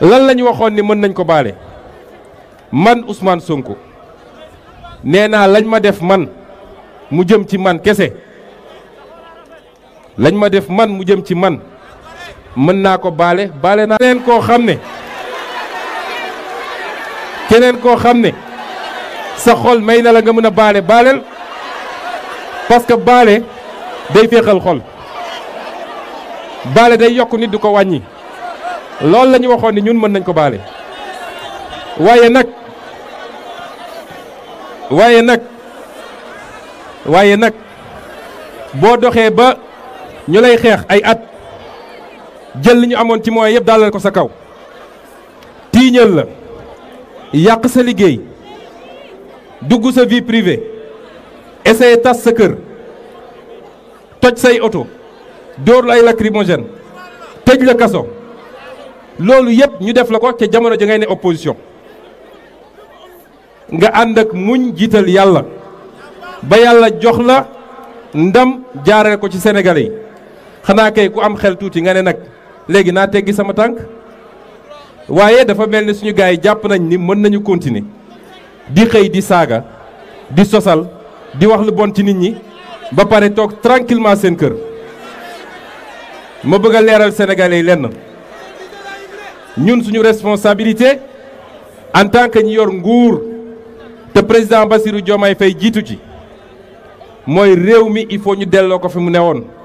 lan la ñu waxoon ni mën nañ ko baale man usmaan Sonko nee naa lañ ma def man mu jëm ci man kese lañ ma def man mu jëm ci man mën naa ko baale baale naa keneen koo xam ne keneen koo xam ne sa xol may na la nga mën a baale baaleel parce que baale day féexal xol baale day yokk nit du ko wàññi loolu la ñu waxoon ni ñun mën nañ ko baale waaye nag waaye nag waaye nag boo doxee ba ñu lay xeex ay at jël li ñu amoon ci mooy yëpp daalal ko sa kaw tiiñal la yàq sa liggéey dugg sa vie privée essayer tas sa kër toj say oto dóor la ay lacrymogène tëj la kaso loolu yëpp ñu def la ko ca jamono ji ngay ne opposition nga àndak muñ jiital yàlla ba yàlla jox la ndam jaarale ko ci Sénégalais yi xanaa kay ku am xel tuuti nga ne nag léegi naa teggi sama tànk waaye dafa mel ni suñu gars yi jàpp nañ ni mën nañu continuer di xëy di saaga di sosal di wax lu bon ci nit ñi ba pare toog tranquillement seen kër ma bëgg a leeral sénégalais yi lenn. ñun suñu responsabilité en tant que ñi yor nguur te président Bassirou Diomaye Faye jiitu ci mooy réew mi il faut ñu delloo ko fi mu ne woon